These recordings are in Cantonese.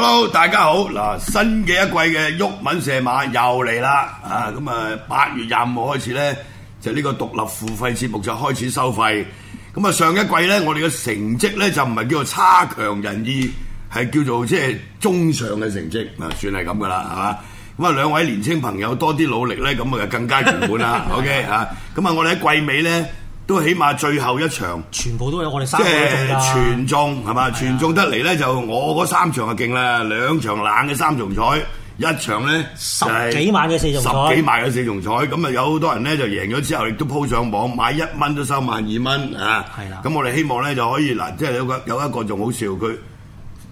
Hello，大家好！嗱，新嘅一季嘅《郁文射馬》又嚟啦！啊，咁啊，八月廿五號開始咧，就呢、是、個獨立付費節目就開始收費。咁啊，上一季咧，我哋嘅成績咧就唔係叫做差強人意，係叫做即係中上嘅成績啊，算係咁噶啦，係嘛。咁啊，兩位年青朋友多啲努力咧，咁啊更加圓滿啦。 OK 啊，咁啊，我哋喺季尾咧。都起碼最後一場，全部都有我哋三個都中啦。即係、就是、全中係嘛、啊？全中得嚟咧，就我嗰三場就勁啦。兩場冷嘅三重彩，一場咧十幾萬嘅四重彩，十幾萬嘅四重彩。咁啊，有好多人咧就贏咗之後，亦都鋪上網買一蚊都收萬二蚊啊！係、啊、啦。咁我哋希望咧就可以嗱，即係有個有一個仲好笑，佢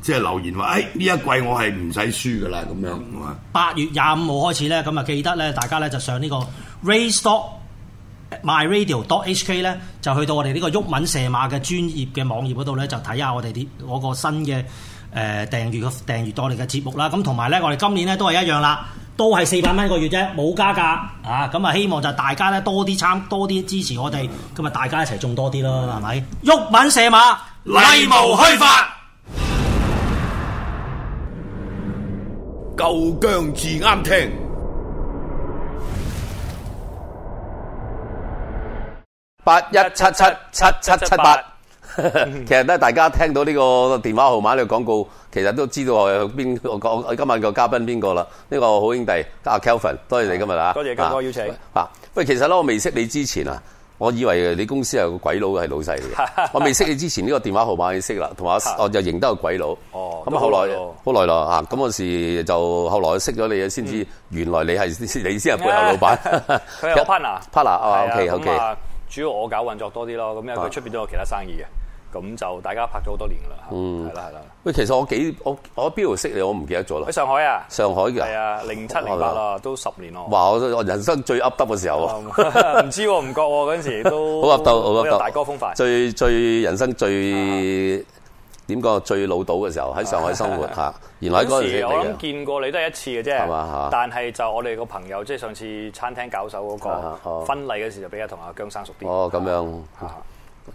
即係留言話，誒、哎、呢一季我係唔使輸噶啦咁樣。八月廿五號開始咧，咁啊記得咧，大家咧就上呢個 Race Stock My Radio .dot .hk 咧就去到我哋呢個毓民射馬嘅專業嘅網頁嗰度咧，就睇下我哋啲我個新嘅誒訂閱嘅訂閱多嚟嘅節目啦。咁同埋咧，我哋今年咧都係一樣啦，都係四百蚊一個月啫，冇加價啊。咁啊，希望就大家咧多啲參多啲支持我哋，今日大家一齊中多啲咯，係咪？毓民射馬，禮無虛發，夠姜至啱聽。八一七七七七七八，其實咧，大家聽到呢個電話號碼呢個廣告，其實都知道邊個講今晚個嘉賓邊個啦。呢、這個好兄弟阿 Kelvin，、啊、多謝你今日啊，多謝多謝邀請。嗱，喂，其實咧，我未識你之前啊，我以為你公司係個鬼佬係老細嚟嘅。嗯、 我未識你之前，呢、這個電話號碼你識啦，同埋我就認得個鬼佬。哦、啊，咁、啊、後來好耐啦，吓咁嗰時就後來識咗你，先知原來你係你先係背後老闆。啊、我 partner，partner，OK、啊啊、OK、啊。Okay, 啊 okay, 主要我搞運作多啲咯，咁因為佢出面都有其他生意嘅，咁就大家拍咗好多年噶啦，係啦係啦。喂，其實我幾我我邊度識你？我唔記得咗啦。喺上海啊，上海嘅係啊，零七零八啦，都十年咯。哇！我人生最噏得嘅時候啊，唔 知喎、啊，唔覺喎、啊，嗰陣時都 好噏得，好噏得，大哥風範，最最人生最。啊啊點個最老島嘅時候喺上海生活嚇， 原來喺嗰時，時我諗見過你都係一次嘅啫，但係就我哋個朋友即係、就是、上次餐廳搞手嗰個婚禮嘅時候比較同阿姜生熟啲。 哦，咁這樣，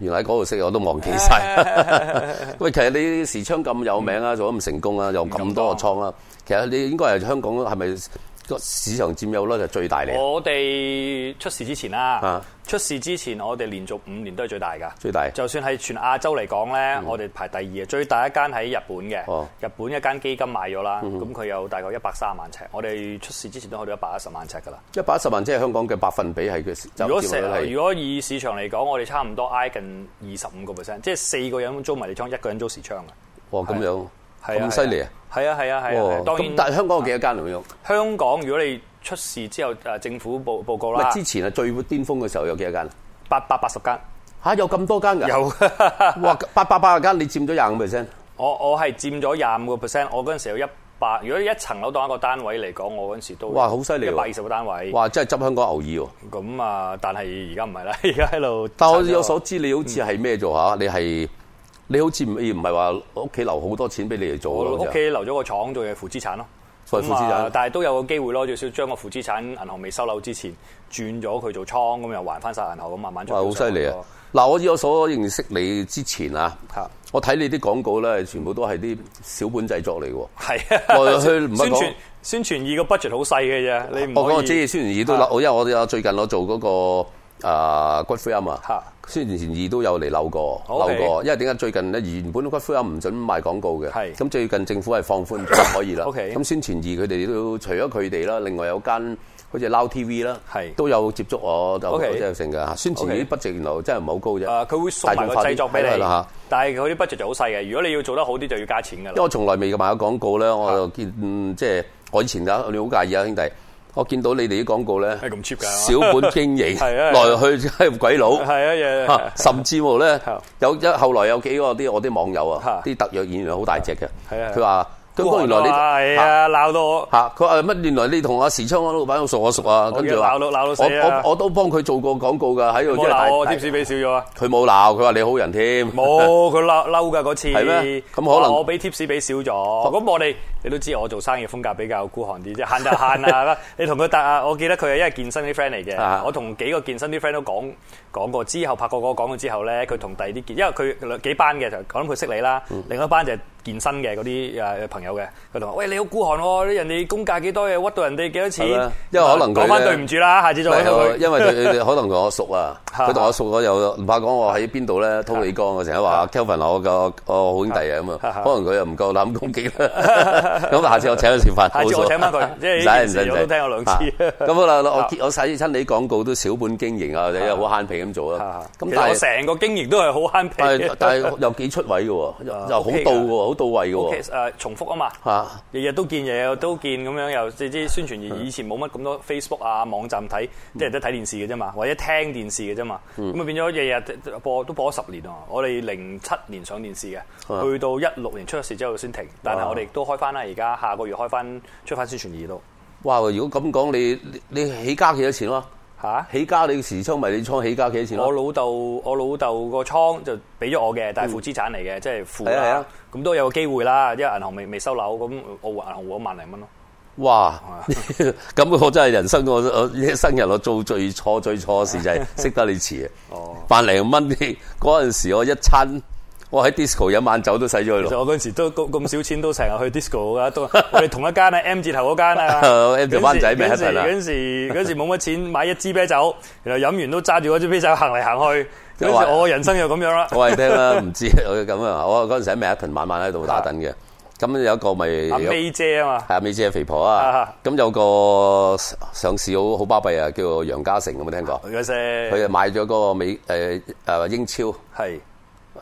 原來喺嗰度識我都忘記曬。 喂，其實你時昌咁有名啊，做得咁成功啊，有咁多個倉啊、嗯，其實你應該係香港係咪？是不是個市場佔有率就最大嚟。我哋出事之前啦，出事之前我哋連續五年都係最大噶。最大。就算係全亞洲嚟講咧，我哋排第二啊。最大一間喺日本嘅，哦、日本一間基金買咗啦。咁、哦、佢有大概一百三萬尺。我哋出事之前都去到一百一十萬尺噶啦。一百一十萬即係香港嘅百分比係佢。如果如果以市場嚟講，我哋差唔多挨近二十五個 percent，即係四個人租迷你倉，一個人租時倉啊。哇、哦，咁樣。咁犀利啊！係啊，係啊，係啊！但係香港有幾多間牛肉？香港如果你出事之後，誒、啊、政府報報告啦。之前啊，最巔峰嘅時候有幾多間？八百八十間。吓、啊、有咁多間噶？有。 哇！八百八十間，你佔咗廿五 percent。我我係佔咗廿五個 percent。我嗰陣時候有一百，如果一層樓當一個單位嚟講，我嗰陣時候都哇好犀利，一百二十個單位。哇！真係執香港牛耳喎、啊。咁啊，但係而家唔係啦，而家喺度。但我有所知，你好似係咩做吓？你係。你好似唔亦唔係話屋企留好多錢俾你哋做，我屋企留咗個廠做嘢負資產咯，負資產、嗯、但係都有個機會咯，最少將個負資產銀行未收樓之前，轉咗佢做倉咁，又還翻晒銀行咁，慢慢出。哇，好犀利啊！嗱、嗯，我以我所認識你之前啊，我睇你啲廣告咧，全部都係啲小本製作嚟嘅，係我去 宣傳宣傳二個 budget 好細嘅啫，你唔我講我知，宣傳二都啦，因為我有最近我做嗰、那個。啊骨灰龕啊嘛，宣傳二都有嚟扭過扭過、okay。因為點解最近咧原本骨灰龕唔准賣廣告嘅，咁最近政府係放寬就可以啦。咁、 okay。宣傳二佢哋都除咗佢哋啦，另外有間好似係撈 TV 啦，都有接觸我，就即係成嘅。宣傳二筆直原來真係唔好高啫。佢、okay。啊、會送埋個製作俾你，但係佢啲筆直就好細嘅。如果你要做得好啲，就要加錢㗎啦。因為我從來未賣過廣告咧，我就見即係、嗯就是、我以前啊，你好介意啊，兄弟。我見到你哋啲廣告咧，係咁 cheap 㗎，小本經營，來、 啊啊、來去去鬼佬， 啊，啊，啊，啊，甚至乎咧、啊、有一後來有幾個啲我啲網友啊，啲特約演員好大隻嘅，佢話、啊：，咁我、啊、原來你係啊鬧、啊、到我，佢話乜原來你同阿時昌嗰老闆我熟我熟啊，跟住鬧到鬧到我我，我，我都幫佢做過廣告㗎，喺度即係我 tips 俾少咗啊，佢冇鬧，佢話你好人添，冇佢鬧嬲㗎嗰次，咁可能我俾 tips 俾少咗，咁 我哋。你都知我做生意風格比較孤寒啲即係，慳就慳、係、啦。 你同佢答啊，我記得佢係因為健身啲 friend 嚟嘅。 我同幾個健身啲 friend 都講講過，之後拍過個講咗之後咧，佢同第二啲健，因為佢兩幾班嘅，就講佢識你啦、嗯。另一班就健身嘅嗰啲朋友嘅，佢同我話：喂，你好孤寒喎，人哋工價幾多嘢，屈到人哋幾多錢？因為可能佢講翻對唔住啦，下次再同因為可能同我熟啊，佢同我熟，嗰， 又唔怕講我喺邊度咧，通你江我成日話 Kevin 我個我好兄弟啊咁啊。可能佢又唔夠膽攻擊啦。 咁下次我請佢食飯。下次我請翻佢，唔使唔使，我都聽過兩次。咁啊啦，我我使親你廣告都小本經營啊，啊，啊，你又好慳皮咁做啊。咁但係我，成個經營都係好慳皮，但係又幾出位嘅喎，又好到喎，好到位嘅喎。誒，重複啊嘛，日、啊、日都見日日、啊、都見咁樣又即係啲宣傳。以前冇乜咁多 Facebook 啊，網站睇，即係都睇電視嘅啫嘛，或者聽電視嘅啫嘛。咁、嗯、啊變咗日日播都播咗十年啊！我哋零七年上電視嘅，去到一六年出事之後先停，但係我哋都開翻啦。啊啊而家下個月開翻出翻宣傳儀都，哇！如果咁講，你你，你起家幾多錢咯？吓、啊，起家你時昌迷你倉起家幾多錢？我老豆我老豆個倉就俾咗我嘅，大負資產嚟嘅、嗯，即係負啊。咁、啊、都有個機會啦，因為銀行未未收樓，咁我銀行我萬零蚊咯。哇！咁 我真係人生我一生人我做最錯最錯嘅事就係識得你遲啊！ 哦，萬零蚊嗰陣時我一餐。我喺 disco 飲晚酒都使咗佢咯。我嗰陣時都咁少錢都成日去 disco 噶，我哋同一間啊 M 字頭嗰間啊。M 字灣仔未？阿 ten 啊？嗰時冇乜 錢買一支啤酒，然後飲完都揸住嗰支啤酒行嚟行去。嗰陣時我人生就咁樣啦。 我係聽啦，唔知啊，咁啊，我嗰陣時阿 ten 晚晚喺度打盹嘅。咁有一個咪阿美姐啊嘛，係阿美姐肥婆啊。咁有個上市好好巴閉啊，叫楊家誠有冇聽過？唔該先，佢係買咗嗰個美誒誒、呃、英超係。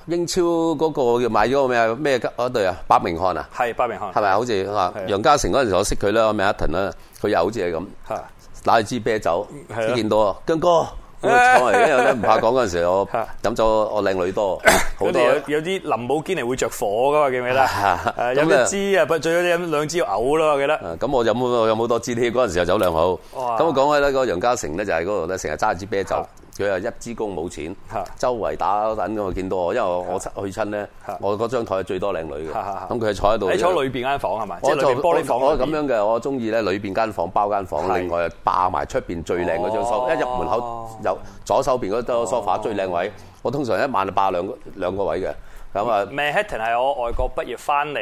英超嗰、嗰個要買嗰個咩咩嗰隊啊？巴明漢啊？係巴明漢係咪好似啊，是楊家成嗰陣時候我識佢啦，阿 m a r 啦，佢又好似係咁，拿支啤酒先見到啊，姜哥我坐嚟一樣咧，唔 怕講嗰陣時候我飲咗我靚女多， 好多有啲林寶堅尼會着火噶嘛，記唔記得？飲一支啊，最、啊、有要飲、啊啊、兩支要嘔，我記得。咁、啊、我，我飲有冇有冇多支添？嗰時又酒量好。咁講起咧，嗰個楊家成咧就係嗰度咧，成日揸支啤酒。佢又一支公冇錢，周圍打緊我見到我。因為我我去親咧，我嗰張台係最多靚女嘅，咁佢係坐喺度。你坐裏邊間房係咪？即係坐裡面玻璃房咁樣嘅，我中意咧裏邊間房包間房是，另外霸埋出邊最靚嗰張梳化，哦，一入門口右左手邊嗰張梳化，哦、最靚位，我通常一晚霸兩個兩個位嘅。咁、嗯、啊，Manhattan 係我外國畢業翻嚟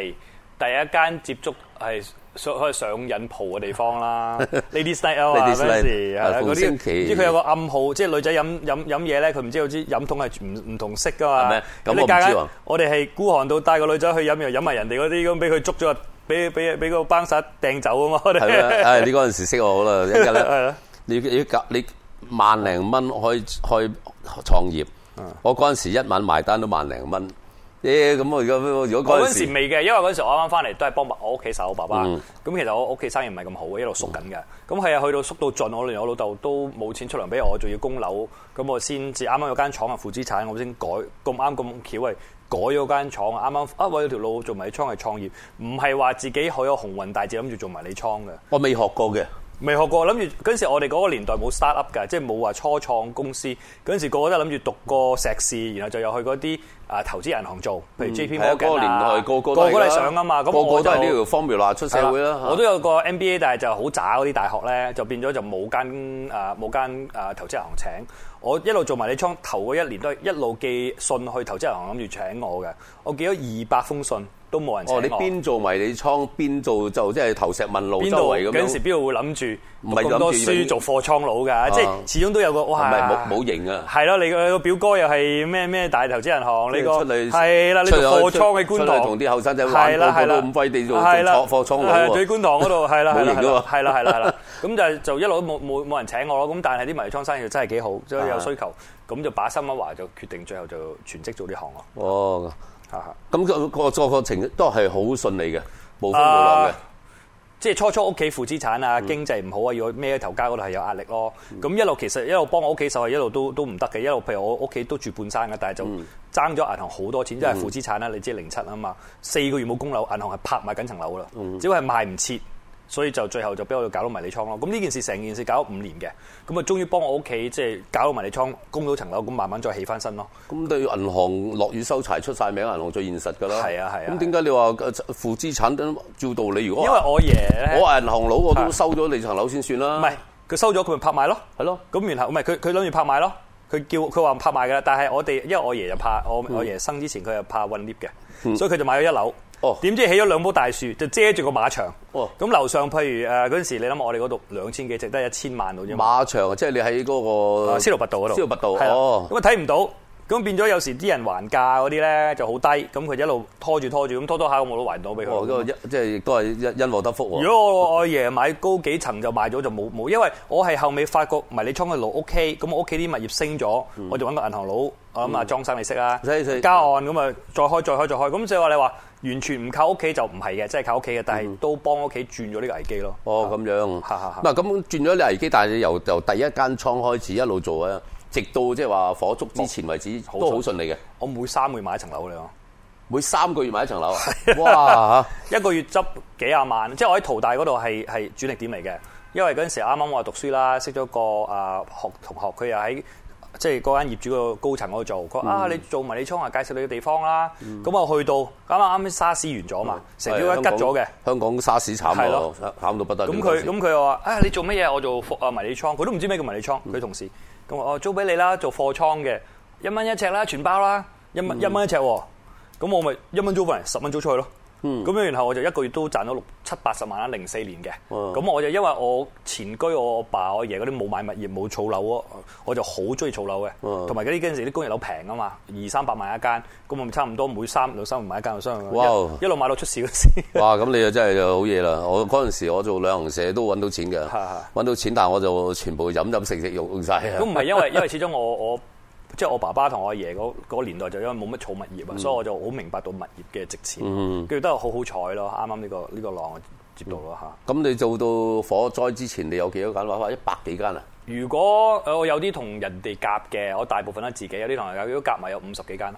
第一間接觸係。所上飲鋪嘅地方啦，呢啲 style 啲嗰陣時，唔、啊啊、知佢有個暗號，即係女仔飲飲飲嘢咧，佢唔知有啲飲桶係唔唔同色噶嘛。咁我知，我哋係、啊、孤寒到帶個女仔去飲又飲埋人哋嗰啲，咁俾佢捉咗，俾俾俾個班殺掟走咁嘛。係 啊，你嗰陣時識我好啦，一日 你你你萬零蚊可以可以開創業， 我嗰陣時一晚埋單都萬零蚊。咁我而家如果嗰陣時未嘅，因為嗰陣時我啱啱翻嚟都係幫埋我屋企手爸爸。咁、嗯、其實我屋企生意唔係咁好，一路縮緊嘅。咁係啊，去到縮到盡，我連我老豆都冇錢出糧俾我，仲要供樓。咁我先至啱啱有間廠啊，負資產，我先改咁啱咁巧係改咗間廠，啱啱啊揾到條路做迷你倉嚟創業，唔係話自己好有鴻運大志諗住做迷你倉嘅。我未學過嘅。未學過，諗住嗰陣時，我哋嗰個年代冇 startup 㗎，即係冇話初創公司。嗰陣時個個都諗住讀個碩士，然後就又去嗰啲啊投資銀行做，譬如 JP、嗯、Morgan。嗰個年代，個個都嗰個想㗎嘛。咁個個都係呢條 formula 出社會啦。我都有個 MBA，但係就好渣嗰啲大學咧，就變咗就冇間啊冇間啊投資銀行請我一，一路做迷你倉，頭嗰一年都係一路寄信去投資銀行諗住請我嘅，我寄咗二百封信。都冇人請我。哦，你邊做迷你倉，邊做就即係投石問路周圍咁。邊度嗰陣時，邊度會諗住咁多書做貨倉佬噶？即係始終都有個哇。係冇冇型啊？係咯，你個表哥又係咩咩大投資銀行呢個？係啦，你貨倉喺觀塘。係啦，係啦。唔廢地做貨貨倉佬喺觀塘嗰度，係啦，係啦，係啦。咁就就一路都冇冇冇人請我咯。咁但係啲迷你倉生意真係幾好，所以有需求。咁就把心一橫就決定，最後就全職做呢行哦。咁、那個個個，個程都係好順利嘅，無風無浪嘅、啊。即係初初屋企負資產啊，經濟唔好啊，嗯、要孭頭家嗰度係有壓力咯。咁、嗯、一路其實一路幫我屋企受係一路都都唔得嘅。一路譬如我屋企都住半山嘅，但係就爭咗銀行好多錢，即係負資產啦。你知零七啦嘛，四個月冇供樓，銀行係拍賣緊層樓啦，嗯、只係賣唔切。所以就最後就俾我搞到迷你倉咯。咁呢件事成件事搞咗五年嘅，咁啊終於幫我屋企即係搞到迷你倉，層樓供到層樓，咁慢慢再起翻身咯。咁對於銀行落雨收柴出晒名，銀行最現實噶啦。係啊係啊。咁點解你話負資產照道理？如果因為我爺，我銀行佬我都收咗你層樓先算啦。唔係佢收咗佢咪拍賣咯，係咯、啊。咁然後唔係佢佢諗住拍賣咯，佢叫佢話拍賣噶啦。但係我哋因為我爺就怕、嗯、我我爺生之前佢又怕韞 lift 嘅，所以佢就買咗一樓。哦，點知起咗兩棵大樹，就遮住個馬場。哦，咁樓上譬如誒嗰陣時，你諗我哋嗰度兩千幾呎，只得一千萬到啫嘛？馬場即係你喺嗰、嗰個司徒、哦、路拔道嗰度。司徒拔道，啊、哦，咁啊睇唔到，咁變咗有時啲人還價嗰啲咧就好低，咁佢一路拖住拖住，咁拖拖下個我都還到俾佢。哦，即係亦都係一因禍、那個、得福喎、啊。如果我阿爺買高幾層就賣咗就冇冇，因為我係後尾發覺迷你倉去路 OK，咁我屋企啲物業升咗，我就揾個銀行佬，咁啊莊生你識啊？加按咁啊，再開再開再開，咁即係話你話。完全唔靠屋企就唔係嘅，即係靠屋企嘅，但係都幫屋企轉咗呢個危機咯。哦，咁樣。嗱，咁轉咗呢個危機，但係你由由第一間倉開始一路做啊，直到即係話火燭之前為止，都好順利嘅。我每三個月買一層樓你啊，每三個月買一層樓。哇， 一個月執幾廿萬？即係我喺淘大嗰度係係主力點嚟嘅，因為嗰陣時啱啱我讀書啦，識咗個啊學同學，佢又喺。即係嗰間業主個高層嗰度做，佢話啊，你做迷你倉啊，介紹你嘅地方啦。咁、嗯、我去到，啱啱啱沙士完咗啊嘛，成、嗯、條一吉咗嘅。香港沙士慘啊，慘到不得咁，佢咁佢又話啊，你做乜嘢？我做貨啊迷你倉，佢都唔知咩叫迷你倉。佢、嗯、同事咁話，我租俾你啦，做貨倉嘅，一蚊一尺啦，全包啦，一蚊一蚊一尺喎。咁、嗯、我咪一蚊租翻嚟，十蚊租出去咯。嗯，咁啊，然後我就一個月都賺咗六七八十萬啦，零四年嘅。咁、啊、我就因為我前居我爸我爺嗰啲冇買物業冇儲樓喎，我就好中意儲樓嘅。同埋嗰啲嗰陣時啲工業樓平啊嘛，二三百萬一間，咁我差唔多每三兩三年買一間我商。哇！一路買到出事嗰時。哇！咁 你真就真係就好嘢啦。我嗰陣、嗯、時我做旅行社都揾到錢嘅，揾到錢，但係我就全部飲飲食食用晒。咁唔係因為 因為始終我我。我即係我爸爸同我阿爺嗰年代就因為冇乜儲物業啊、嗯，所以我就好明白到物業嘅值錢。跟、嗯、住都好好彩咯，啱啱呢個呢、呢個浪接到啦嚇。咁、嗯、你做到火災之前，你有幾多，多間樓花？一百幾間啊？如果我有啲同人哋夾嘅，我大部分都自己，有啲同人夾，如果夾埋有五十幾間啦。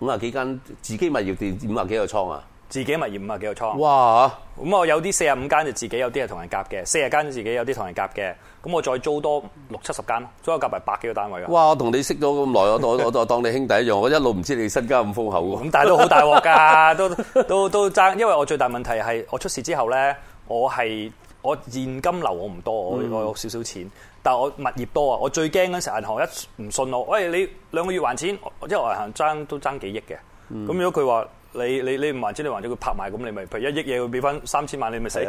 五十幾間自己物業店，五十幾個倉啊？自己物業五啊幾個倉哇，咁我有啲四啊五間就自己，有啲係同人夾嘅，四啊間自己有啲同人夾嘅，咁我再租多六七十間，租夾埋百幾個單位嘅。哇！我同你識咗咁耐，我當 我當你兄弟一樣，我一路唔知你身家咁豐厚喎。咁但係都好大鑊㗎，都都都爭，因為我最大問題係我出事之後咧，我係我現金流我唔多，我我少少錢，嗯、但係我物業多啊，我最驚嗰陣時銀行一唔信我，喂，你兩個月還錢，因為銀行爭都爭幾億嘅，咁、嗯、如果佢話。你你你唔還錢，你還咗佢拍賣，咁你咪譬如一億嘢，要俾翻三千萬，你咪死。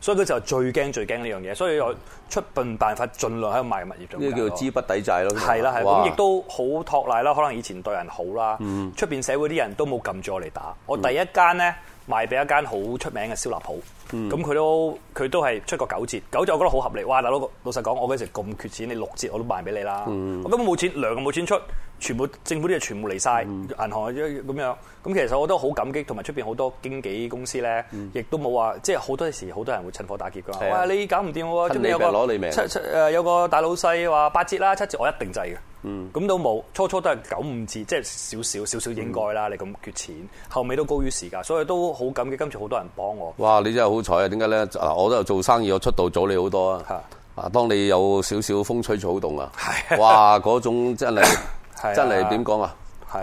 所以佢就最驚最驚呢樣嘢。所以我出盡辦法，盡量喺度賣物業。呢叫資不抵債咯。係啦係，咁亦都好托賴啦。可能以前對人好啦，出、嗯、邊社會啲人都冇撳住我嚟打。我第一間咧賣俾一間好出名嘅燒臘鋪，咁、嗯、佢都佢都係出個九折，九折我覺得好合理。哇！大佬老實講，我嗰時咁缺錢，你六折我都賣俾你啦。嗯、我根本冇錢，糧又冇錢出。全部政府啲嘢全部嚟晒、嗯，銀行咁樣。咁其實我都好感激，同埋出邊好多經紀公司咧，亦都冇話，即係好多時好多人會趁火打劫㗎。哇！你搞唔掂喎，即係有個攞你命七七、呃、有個大老細話八折啦，七折我一定制嘅。咁、嗯、都冇，初初都係九五折，即係少少少少應該啦、嗯。你咁缺錢，後尾都高於時間，所以都好感激。跟住好多人幫我。哇！你真係好彩啊！點解咧？我我又做生意，我出道早你好多啊。啊，當你有少少風吹草動啊，哇！嗰種真係～ 啊、真係點講啊？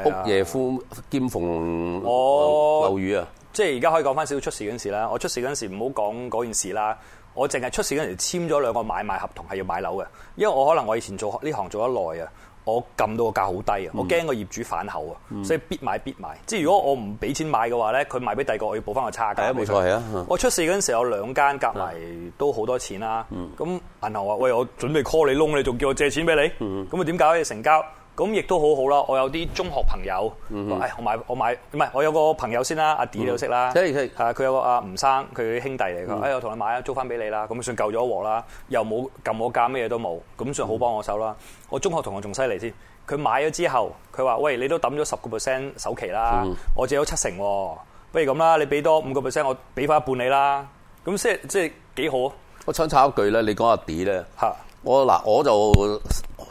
屋夜夫兼逢流雨啊！即係而家可以講翻少少出事嗰陣時啦。我出事嗰陣時唔好講嗰件事啦。我淨係出事嗰陣時簽咗兩個買賣合同係要買樓嘅，因為我可能我以前做呢行做得耐啊，我撳到個價好低啊、嗯，我驚個業主反口啊，所以必買必買。即係如果我唔俾錢買嘅話咧，佢賣俾第二個我要補翻個差價。係啊，冇錯係啊。我出事嗰陣時我有兩間夾埋都好多錢啦。咁、啊、銀行話：喂，我準備 call loan,、啊、你窿你，仲叫我借錢俾你。咁啊點解你成交？咁亦都好好啦，我有啲中學朋友，嗯哎、我買我買唔係，我有個朋友先啦，阿 D 都識啦，即、嗯、誒，佢有個阿吳生，佢兄弟嚟噶、嗯，哎，我同你買啊，租翻俾你啦，咁算救咗一鑊啦，又冇撳我價，咩嘢都冇，咁算好幫我手啦、嗯。我中學同學仲犀利先，佢買咗之後，佢話，喂，你都揼咗十個 percent 首期啦、嗯，我借咗七成喎，不如咁啦，你俾多五個 percent，我俾翻一半你啦，咁即係即係幾好啊！我親插一句咧，你講阿 D 咧嚇，我嗱我就。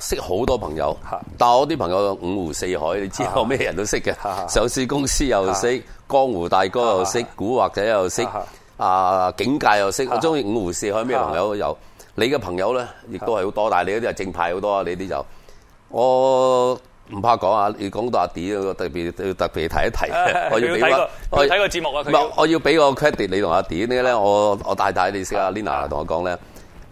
識好多朋友，但係我啲朋友五湖四海，你知我咩人都識嘅、啊。上市公司又識、啊，江湖大哥又識、啊，古惑仔又識，啊警、啊、界又識。啊、我中意五湖四海咩朋友都有。你嘅朋友咧，亦都係好多，但係你嗰啲係正派好多啊！你啲就我唔怕講啊！你講到阿 D，特別特別提一提，啊、要個我要俾我，睇個節目啊！唔係，我要俾個 credit 你同阿 D 呢？咧我我太太你識阿 Lina 同我講咧，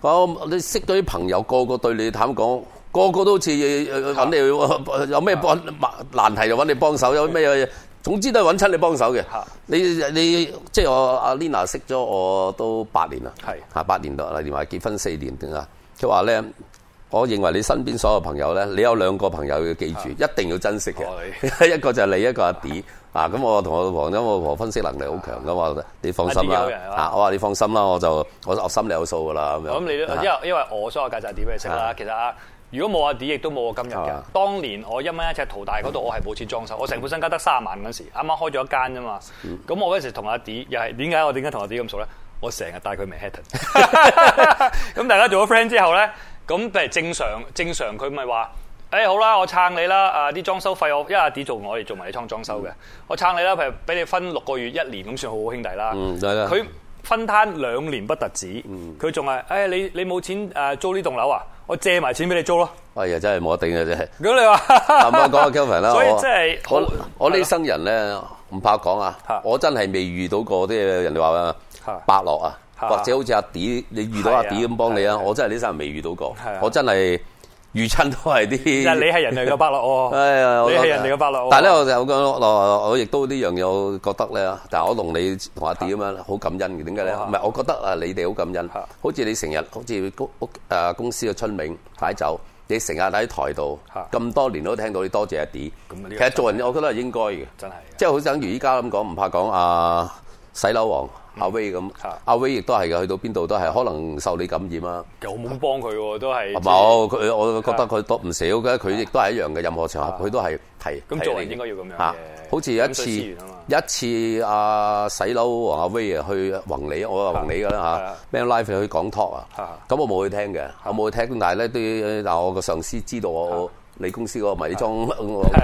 我帶帶你識到啲、啊、朋友，個個對你坦講。個個都好似搵你， 有咩幫難題就揾你幫手，有咩嘢，總之都係搵親你幫手嘅。你你即係我阿 Lina 識咗我都八年啦，八年多啦，例如話結婚四年點啊？佢話咧，我認為你身邊所有朋友咧，你有兩個朋友要記住，一定要珍惜嘅， 一個就係你，一個阿 D。啊，咁我同我老婆，因為我老婆分析能力好強噶嘛，你放心啦。啊，我話你放心啦，我就我心裏有數噶啦。咁咁你因因為我所有介紹阿 Dee 俾你識啦。其實啊，如果冇阿弟，亦都冇我今日嘅。當年我一蚊一尺淘大嗰度，我係冇錢裝修，我成本身家得卅萬嗰時，啱啱開咗一間啫嘛。咁、嗯、我嗰時同阿弟，又係點解我點解同阿弟咁熟咧？我成日帶佢去 Manhattan，咁大家做咗 friend 之後咧，咁譬如正常正常，佢咪話。誒、哎、好啦，我撐你啦！啊，啲裝修費我因為阿迪做，我哋做埋倉裝修嘅、嗯。我撐你啦，譬如俾你分六個月、一年咁算好好兄弟啦。嗯，係啦。佢分攤兩年不特止，佢仲係誒你你冇錢租呢棟樓啊？我借埋錢俾你租咯。哎，又真係冇得頂嘅，真係，如、嗯、果你話慢慢 講阿 Kevin 啦，所以真係我我，我，我呢生人咧唔怕講啊，我真係未遇到過啲人哋話啊伯樂啊，或者好似阿迪，你遇到阿迪咁幫你啊，我真係呢生人未遇到過，啊、Dee，到我真係。預親都係啲，你係人哋嘅伯樂喎，哦、 你係人哋嘅伯樂。但呢，咧，我就講，我亦都呢、就是、一樣嘢、哦，我覺得咧，但係我同你同阿 D 咁樣好感恩嘅。點解咧？唔係我覺得啊，你哋好感恩。好似你成日好似公屋公司嘅春茗擺酒，你成日喺台度，咁多年都聽到你多謝阿 D。其實做人，我覺得係應該嘅，真係。即係好似等於依家咁講，唔怕講阿洗樓王。阿威咁，阿威亦都係嘅。去到邊度都係，可能受你感染啦、啊。又我冇幫佢喎、啊，都係冇佢。我覺得佢多唔少嘅，佢、啊、亦、啊啊、都係一樣嘅。任何場合，佢都係提。咁、啊、做嚟應該要咁樣、啊、好似有一次一次，阿、啊、洗佬王阿威啊，啊去宏利，我話宏利噶啦嚇。咩、啊、life 去講 talk 啊？咁、啊嗯啊、我冇去聽嘅，冇去聽。啊、但係咧，啲但係我個上司知道我，我你公司嗰個迷裝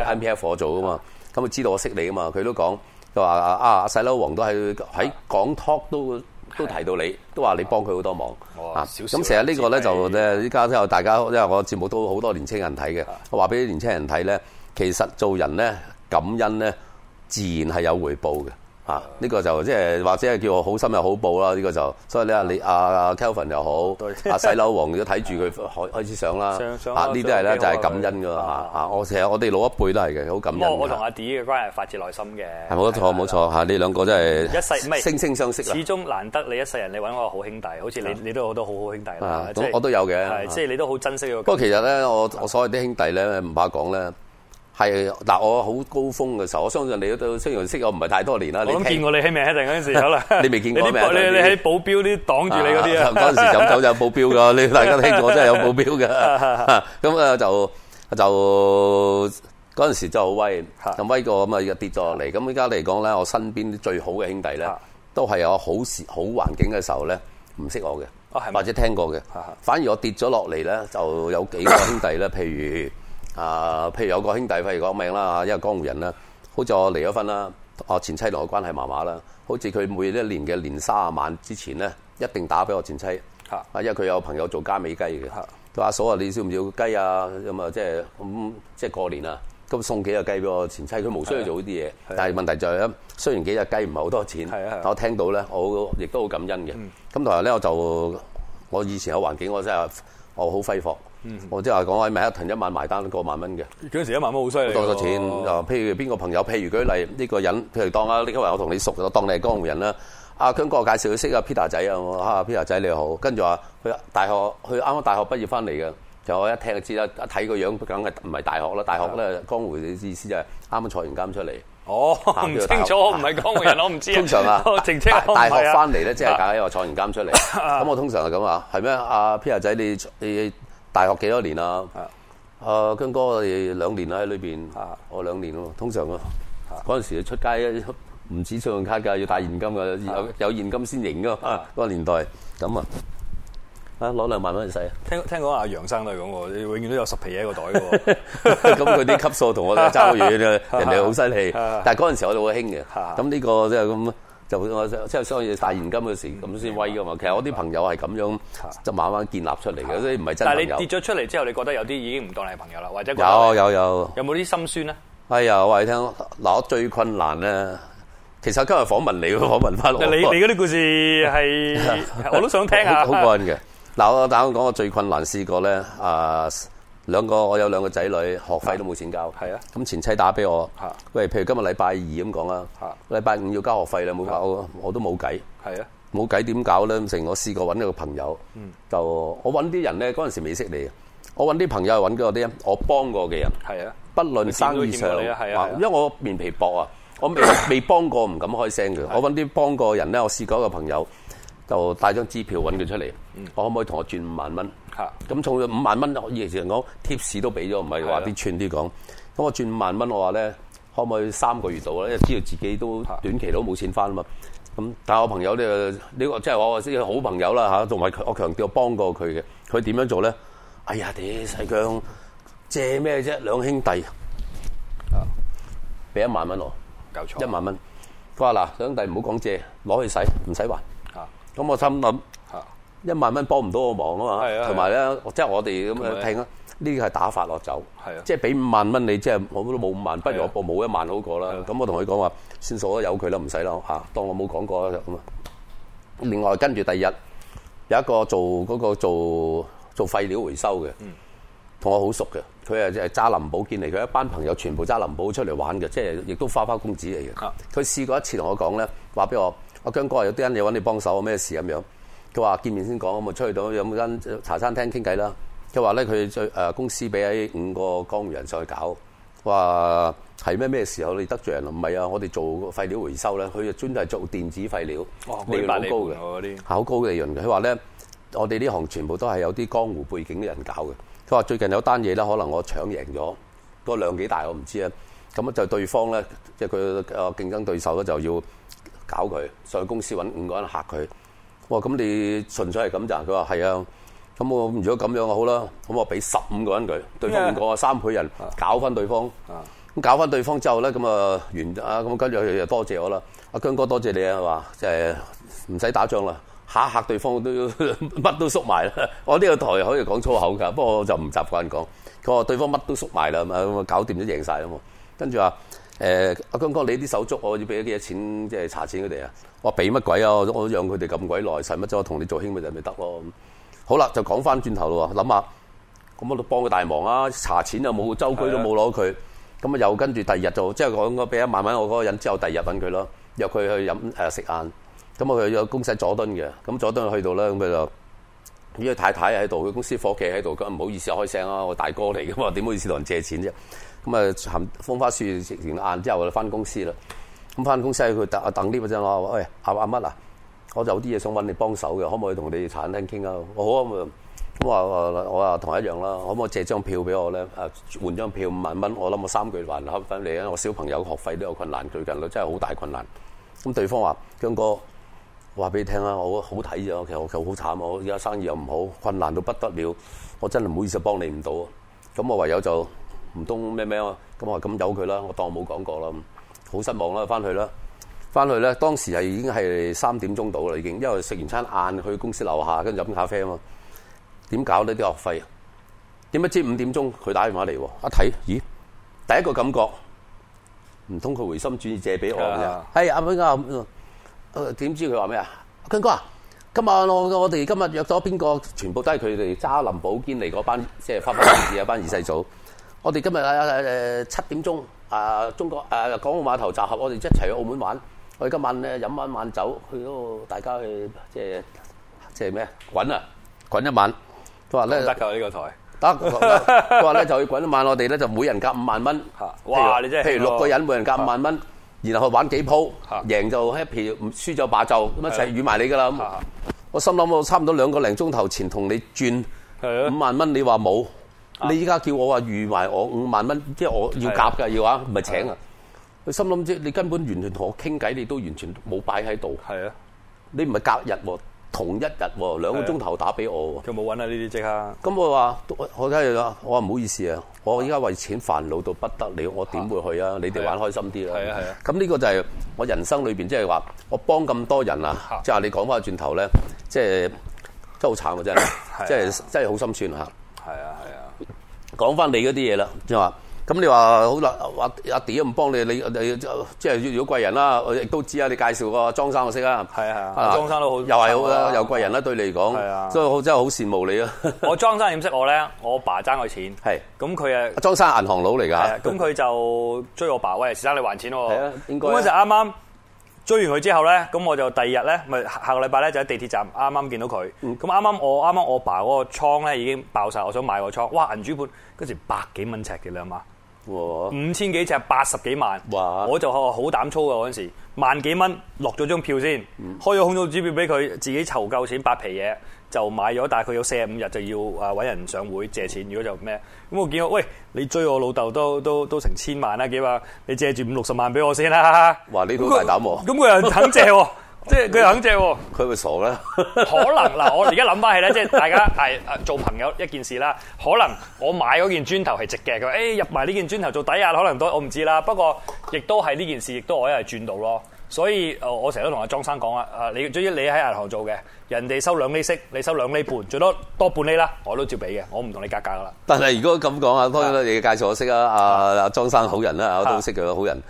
M P F 我做噶嘛，咁佢知道我識你啊嘛，佢都講。佢話啊，啊，細佬王都喺喺講 talk 都都提到你，都話你幫佢好多忙啊。咁成日呢個咧、嗯、就呢依家都有大家，因為我節目都好多年青人睇嘅。我話俾啲年青人睇咧，其實做人咧，感恩咧，自然係有回報嘅。呢、啊這個就即係或者係叫好心又好報啦。呢、這個就所以你話你阿 Kelvin 又好，阿洗樓王都睇住佢開開始上啦。啊！呢啲係咧就係、是啊就是、感恩噶嚇嚇。我成日我哋老一輩都係嘅，好感恩。我同阿 D 嘅關係發自內心嘅。係冇錯冇錯嚇、嗯嗯，你兩個真係一世惺惺相惜。始終難得你一世人你揾我個好兄弟，好似你、嗯、你，你都好多好好兄弟啦、啊。我都有嘅。即係、啊就是、你都好珍惜嗰個、啊、不過其實咧，我我所謂啲兄弟咧，唔怕講咧。係，嗱我好高峰嘅時候，我相信你都雖然識我唔係太多年啦。我想見過你起名 h e a 嗰陣時，好啦。你未 見過咩？你你你喺保鏢啲擋住你嗰啲啊？嗰陣時走走就有保鏢㗎，你大家聽住我真係有保鏢㗎。咁 啊 就就嗰陣時真係好威，咁威過咁啊跌咗落嚟。咁依家嚟講咧，我身邊最好嘅兄弟咧，都係有好好環境嘅時候咧，唔識我嘅，或者聽過嘅、啊。反而我跌咗落嚟咧，就有幾個兄弟咧，譬如。啊，譬如有個兄弟，譬如講名啦，因為江湖人啦，好似我離咗婚啦，我前妻同我關係麻麻啦，好似佢每一年嘅年卅晚之前咧，一定打俾我前妻啊，因為佢有朋友做加美雞嘅，佢話阿嫂啊，嫂你燒唔燒雞啊？咁、嗯、啊，即係咁、嗯，即係過年啊，咁送幾隻雞俾我前妻，佢冇需要做呢啲嘢，但係問題就係、是、雖雖然幾隻雞唔係好多錢，但我聽到咧，我亦都好感恩嘅。咁同埋咧，我就我以前嘅環境，我真係我好揮霍。嗯、我即係講喺 Macdon 一晚埋單過萬蚊嘅，嗰陣時一萬蚊好犀利。多咗錢，哦、譬如邊個朋友，譬如舉例呢，這個人，譬如當啊，因為我同你熟嘅，當你係江湖人啦。阿姜哥介紹佢識阿 Peter 仔啊，Peter 仔你好，跟住話佢大學，佢啱啱大學畢業翻嚟嘅，就我一聽就知啦，一睇個樣梗係唔係大學啦，大學咧江湖嘅意思就係啱啱坐完監出嚟。哦，唔清楚，唔係江湖人，嗯啊、我唔、啊、知，剛剛，哦啊啊 我知。通常啊，淨係、啊、大，大學翻嚟咧，即係解一話坐完監出嚟。咁 我通常係咁啊，係咩？阿 Peter 仔，你你。大學幾多年啊？呃、哥哥年啊，阿姜哥我哋兩年啦喺裏邊，我兩年咯，通常啊嗰陣時出街唔止信用卡噶，要帶現金噶，有、啊、有現金先贏噶。嗰、啊嗰個年代咁、嗯、啊，啊攞兩萬蚊嚟使。聽聽講阿楊生都係咁喎，你永遠都有十皮嘢一個袋噶喎。咁佢啲級數同我哋爭好遠啊， 人哋好犀利。 但係嗰陣時我哋好興嘅，咁 呢、這個即係咁。嗯就我即係所以大現金嘅事咁先威㗎嘛、嗯，其實我啲朋友係咁樣、嗯、就慢慢建立出嚟嘅，嗯，所以唔係真朋友。但係你跌咗出嚟之後，你覺得有啲已經唔當你係朋友啦，或者有有有有冇啲心酸咧？係啊，哎，我話你聽嗱，我最困難咧，其實今日訪問你，哦、我訪問翻你，你嗰啲故事係 我都想聽啊，好過癮嘅嗱，我等我講個最困難試過咧啊。呃兩個我有兩個仔女，學費都冇錢交。係啊，咁前妻打俾我。嚇、喂、啊，譬如今日禮拜二咁講啦。嚇、啊，禮拜五要交學費啦，冇搞、啊，我都冇計。係啊，冇計點搞咧？咁我試過揾一個朋友。嗯、就我揾啲人咧，嗰陣時未識你。我揾啲朋友揾嗰啲我幫過嘅人。係啊，不論生意上、啊啊啊，因為我面皮薄 啊，我未未幫過唔敢開聲嘅。我揾啲幫過人咧，我試過一個朋友就帶張支票揾佢出嚟、嗯。我可唔可以同我轉五萬蚊？咁從咗五萬蚊我以前，其實講貼士都俾咗，唔係話啲串啲講。咁、嗯、我轉五萬蚊，我話咧可唔可以三個月度咧？因為知道自己都短期都冇錢翻吖嘛。咁但我朋友咧呢、呢個即係我、呢個、好朋友啦吓，同埋我強調幫過佢嘅。佢點樣做咧？哎呀，啲細姜借咩啫？兩兄弟啊，俾一萬蚊我，一萬蚊。佢話嗱，兩兄弟唔好講借，攞去使，唔使還。咁、嗯、我心諗。一萬蚊幫唔到我忙啊嘛，同埋咧，啊、即係我哋咁聽啊，呢啲係打發落走，啊、即係俾五萬蚊你，即係我都冇五萬，不如我冇一萬好過啦。咁、啊、我同佢講話，算數都有佢啦，唔使啦嚇，當我冇講過啦咁啊。另外跟住第二日有一個做嗰、嗰個做做，做廢料回收嘅，同、嗯、我好熟嘅，佢係誒揸林寶見嚟，佢一班朋友全部揸林寶出嚟玩嘅，即係亦都花花公子嚟嘅。佢、啊、試過一次同我講咧，話俾我，阿姜哥有啲人要搵你幫手咩事咁樣。佢話見面先講，咁咪出去到有間茶餐廳傾偈啦。佢話咧，佢最誒公司俾喺五個江湖人上去搞，話係咩咩時候你得罪人？唔係啊，我哋做廢料回收咧，佢專就係做電子廢料，利好高嘅，好高嘅利潤嘅。佢話咧，我哋呢行全部都係有啲江湖背景嘅人搞嘅。佢話最近有單嘢啦，可能我搶贏咗個量幾大，我唔知啊。咁啊就對方咧，即係佢啊競爭對手咧，就要搞佢上去公司揾五個人嚇佢。咁、哦、你純粹係咁咋？佢話係啊，咁我如果咁樣啊好啦，咁我俾十五個人佢。對方五個，三倍人搞翻對方，咁搞翻對方之後咧，咁啊完啊，咁跟住又多謝我啦。阿姜哥多謝你啊，係嘛？即係唔使打仗啦，嚇嚇對方都要乜都縮埋啦。我呢個台可以講粗口㗎，不過我就唔習慣講。佢話對方乜都縮埋啦，咁啊搞掂都贏晒啊嘛。跟住話。誒、欸，阿江哥，你啲手足我要俾咗幾多錢？即係查錢佢哋啊！我俾乜鬼啊？我我養佢哋咁鬼耐，使乜啫？我同你做兄弟就咪得咯。好啦，就講翻轉頭咯喎，諗下咁我都幫佢大忙啊！查錢又冇，周居都冇攞佢。咁、嗯、啊，又跟住第二日就即係我應該俾一萬蚊我嗰個人之後，第二日揾佢咯。約佢去飲誒食晏。咁我佢有公司佐敦嘅，咁佐敦去到咧，咁佢就佢嘅太太喺度，佢公司伙計喺度。咁唔好意思開聲啊，我大哥嚟嘅嘛，點好意思同人借錢啫？咁誒含風花雪月食完晏之後，就翻公司啦。咁翻公司去，佢等啊等啲嗰陣咯。喂，阿阿乜啊，我就有啲嘢想揾你幫手嘅，可唔可以你同你產能傾啊？好啊，咁我話我話同一樣啦，可唔可以借張票俾我咧？誒換張票五萬蚊，我諗我三句還得翻你啊！我小朋友學費都有困難，最近真係好大困難。咁對方話：姜哥，我話俾你聽啊，我好睇啊，其實我好慘啊，而家生意又唔好，困難到不得了。我真係唔好意思幫你唔到，咁我唯有就。唔通咩咩啊？咁我咁由佢啦，我當我冇講過啦。好失望啦，翻去啦，翻去咧。當時係已經係三點鐘到啦，已經。因為食完餐晏去公司樓下，跟住飲咖啡啊嘛。點搞呢啲學費點解知？五點鐘佢打電話嚟，一睇，咦？第一個感覺唔通佢回心轉意借俾我嘅？係阿妹，呃，點知佢話咩啊？阿坤哥啊，今日我哋今日約咗邊個？全部都係佢哋揸林寶堅尼嚟嗰班，即係花花公子，有班二世祖 我哋今日誒七點鐘啊，中國誒港澳碼頭集合，我哋一齊去澳門玩。我哋今晚咧飲翻晚酒，去嗰個大家去即係即係咩？滾啊，滾一晚。佢話咧得㗎，呢個台得。佢話咧就要滾一晚，我哋咧就每人夾五萬蚊。哇！你真係，譬如六個人每人夾五萬蚊，然後去玩幾鋪，贏就喺一盤，輸咗罷就咁一齊預埋你㗎啦。我心諗我差唔多兩個零鐘頭前同你轉五萬蚊，你話冇？你依家叫我話預埋我五萬蚊，啊，即係我要夾嘅要啊，唔係請係啊！佢心諗即你根本完全同我傾偈，你都完全冇擺喺度。係啊！你唔係隔日喎，同一日喎，兩個鐘頭打俾我佢冇揾啊呢啲積啊！咁我話我睇嚟啦，我話唔好意思啊！我依家為錢煩惱到不得了，我點會去啊？你哋玩開心啲啦！係係啊！咁呢個就係我人生裏邊即係話我幫咁多人係啊！即係你講翻轉頭咧，即係真係好慘啊，真係，即係真係好心酸嚇。係啊係啊！講翻你嗰啲嘢啦，即係話，咁你話好啦，阿阿 D 都唔幫你，你你即係、就是、如果貴人啦，我亦都知啊，你介紹個莊生我識啊，係啊係啊，莊生都好，又係好啦，又貴人啦，對你嚟講，所以真係好真係好羨慕你咯。 我莊生點識我咧？我爸爭佢錢，係，咁佢啊，莊生銀行佬嚟噶，咁佢就追我爸，喂，時生你還錢喎，咁就啱啱。追完佢之後呢，咁我就第二日呢，咪下個禮拜呢，就喺地鐵站啱啱見到佢。咁啱啱我啱啱我爸嗰個倉呢，已經爆晒。我想買個倉。哇，銀主盤，嗰時百幾蚊尺嘅兩萬，哇哇，五千幾尺八十幾萬。哇哇，我就好膽粗嘅，嗰陣時萬幾蚊落咗張票先，開咗空中支票俾佢，自己籌夠錢八皮嘢。就買咗，大概佢有四十五日就要啊搵人上會借錢，如果就咩？咁我見到，喂，你追我老豆都都都成千萬啦、啊，起碼你借住五六十萬俾我先啦、啊、哇！你好大膽喎、啊。咁佢又肯借喎，即係佢又肯借喎。佢會傻啦、啊、可能嗱，我而家諗翻起咧，即係大家係做朋友一件事啦。可能我買嗰件磚頭係值嘅，佢誒、哎、入埋呢件磚頭做抵押，可能都我唔知啦。不過亦都係呢件事，亦都我一係轉到咯。所以，呃、我成日都同阿莊生講啊，你總之你喺銀行做嘅，人哋收兩厘息，你收兩厘半，最多多半厘啦，我都照俾嘅，我唔同你格價噶啦。但係如果咁講啊，當然啦，你嘅介紹我識啊，阿、啊、阿、啊、莊生好人啦，我都識佢、啊、好人。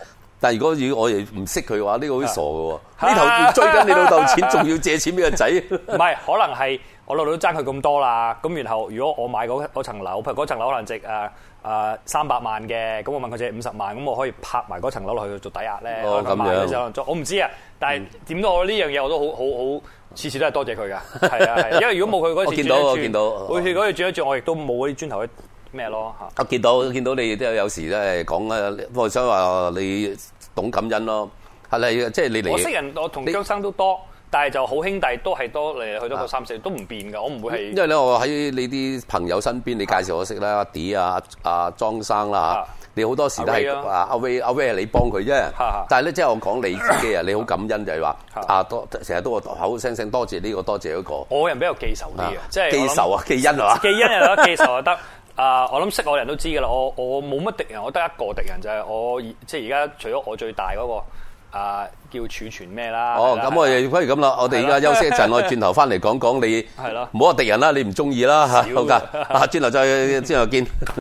但係如果如果我哋唔識佢嘅話，呢、呢個好傻㗎喎，呢頭要追緊你老豆錢，仲要借錢俾個仔，唔 係可能係我老豆爭佢咁多啦。咁然後如果我買嗰層樓，譬如嗰層樓可能值啊。誒三百萬嘅，咁我問佢借五十萬，咁我可以拍埋嗰層樓落去做抵押咧。咁、哦、我唔知啊，但係點都我呢樣嘢我都好好好，次次都係多謝佢噶。係 啊，因為如果冇佢嗰時，我見到我見到。每次嗰時轉一轉、哦，我亦都冇嗰啲磚頭咩咯嚇。啊，見到見到你都有時咧講啊，我係想話你懂感恩咯。係啦，即、就、係、是、你嚟。我識人，我同姜生都多。但係就好兄弟，都係多嚟去到多三四年都唔變㗎。我唔會係因為咧，我喺你啲朋友身邊，你介紹我識啦，阿迪啊、阿莊生啦吓，你好多時都係阿阿威阿威係你幫佢啫。但係咧，即係我講你自己、呃、你你啊，你好感恩就係話啊多成日都我口口聲聲多謝呢、這個多謝嗰、那個。我人比較記仇啲嘅，即係記仇啊，記恩啊。記恩就得，記仇又得。啊，我諗識我人都知噶啦。我我冇乜敵人，我得一個敵人就係我，即係而家除咗我最大嗰個。啊，叫儲存咩啦？哦，咁我哋不如咁啦，我哋而家休息一陣，我轉頭翻嚟講講你，係咯，唔好話敵人啦， 你唔中意啦吓，好噶，啊，轉頭再，轉頭見。